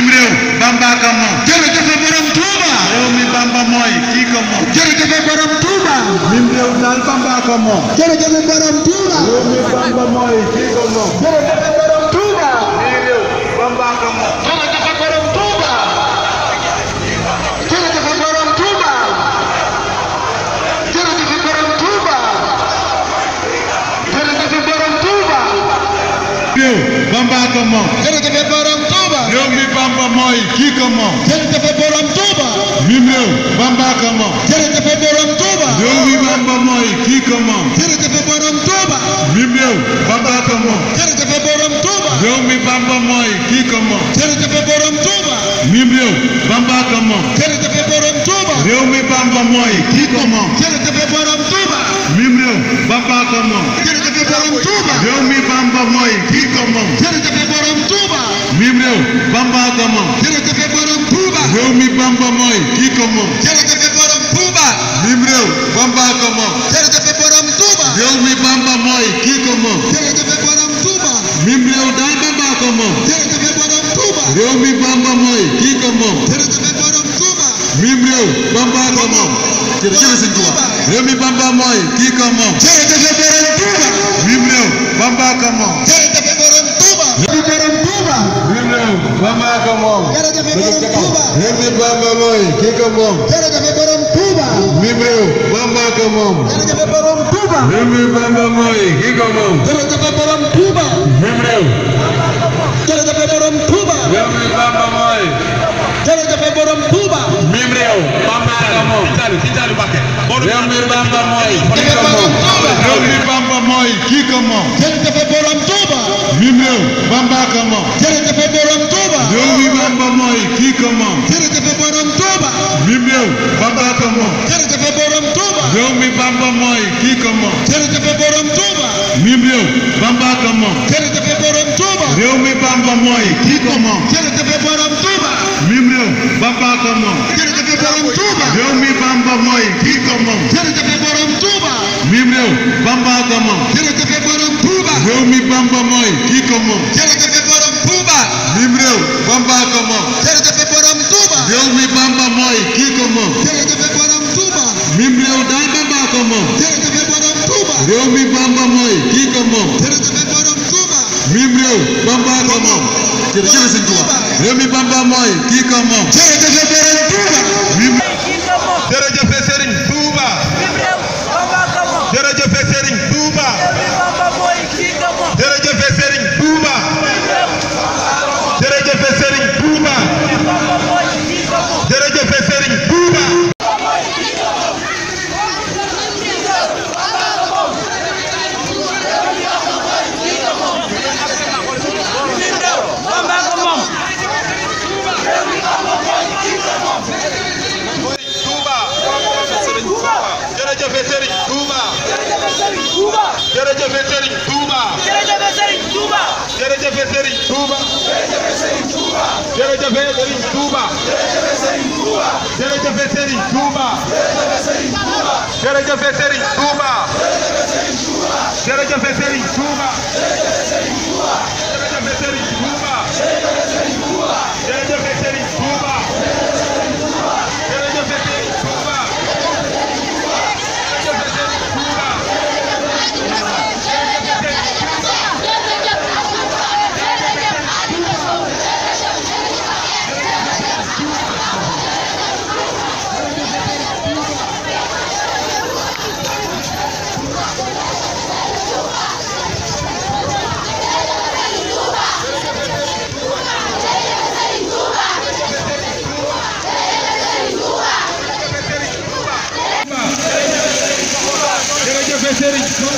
mim réew Bamba ka moom jërëjëf borom Touba réew Bamba mooy kii ko moom jërëjëf borom Touba mim réew daal Bamba ka moom jërëjëf borom Touba réew Bamba mooy kii ko moom ko moom. jërëjëf borom Touba. réew mi Bamba mooy kii ko moom. jërëjëf borom Touba. mim réew Bamba ko moom. jërëjëf borom Touba. réew mi Bamba mooy kii ko moom. jërëjëf borom Touba. mim réew Bamba ko moom. jërëjëf borom Touba. réew mi Bamba mooy kii ko moom. jërëjëf borom Touba. mim réew Bamba ko moom. jërëjëf borom Touba. réew mi Bamba mooy kii ko moom. jërëjëf borom Touba. Bamba ko moom. jërëjëf borom Touba. réew mi Bamba mooy kii ko moom. jërëjëf borom Touba. mim réew Bamba ko moom. jërëjëf borom Touba. réew mi Bamba mooy kii ko moom. jërëjëf borom Touba. mim réew Bamba ko moom. jërëjëf borom Touba. réew mi Bamba mooy kii ko moom. jërëjëf borom Touba. mim réew daal Bamba ko moom. jërëjëf borom Touba. réew mi Bamba mooy kii ko moom. jërëjëf borom Touba. mim réew Bamba ko moom. jërëjëf sëñ Touba. réew mi Bamba mooy. kii ko moom. jërëjëf Bamba ko moom. moom réew mi Bamba mooy kii ko moom. réew mi Bamba mooy kii ko moom. jërëjëf borom Touba. mim réew Bamba ko moom. jërëjëf borom Touba. réew mi Bamba mooy kii ko moom. jërëjëf borom Touba. mim réew Bamba ko moom. jërëjëf borom Touba. réew mi Bamba mooy kii ko moom. jërëjëf borom Touba. mim réew Bamba ko moom. jërëjëf borom Touba. réew mi Bamba mooy kii ko moom. jërëjëf borom Touba. mim réew Bamba ko moom. mooy borom Touba. réew mi Bamba mooy kii ko moom. jërëjëf borom Touba. mim réew Bamba ko moom. jërëjëf borom Touba. réew mi Bamba mooy kii ko moom. jërëjëf borom Touba. mim réew Bamba ko moom. jërëjëf borom Touba. jërëjëf Serigne Touba.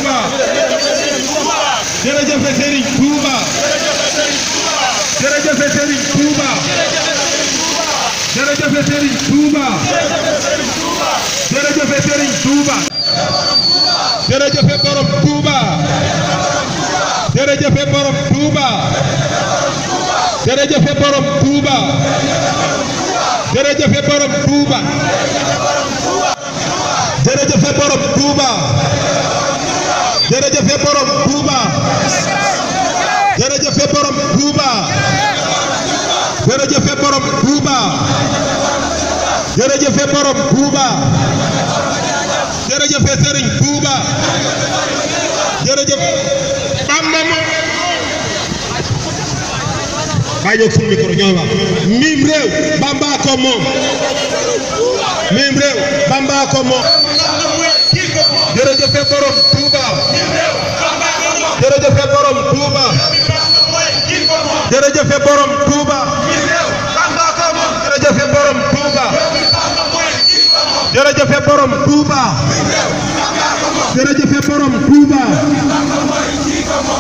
Touba jërëjëf Serigne Touba jërëjëf Serigne Touba jërëjëf jërëjëfe borom Touba jërëjëfe borom Touba jërëjëfe borom Touba jërëjëfe borom Touba jërëjëfe Serigne Touba jërëjëf Bamba mo bàyyi jóg suñu micro ñoo mim réew Bamba moom jërëjëfe borom Touba. jërëjëfe borom Touba. jërëjëfe borom Touba. jërëjëfe borom Touba.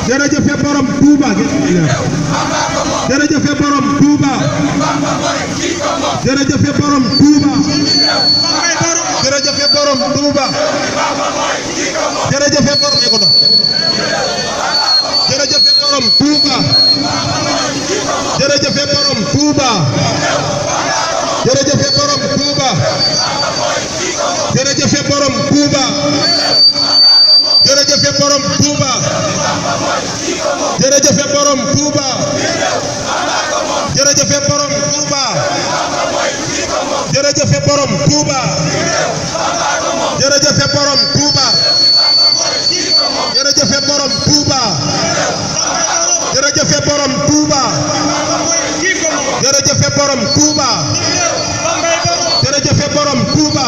jërëjëfe borom Touba. jërëjëfe borom Touba. jërëjëfe borom Touba. jërëjëfe borom Touba. jërëjëfe borom Touba. jërëjëfe borom Touba. borom Touba jërëjëfe borom Touba jërëjëfe borom Touba jërëjëfe borom Touba jërëjëfe borom Touba jërëjëfe borom Touba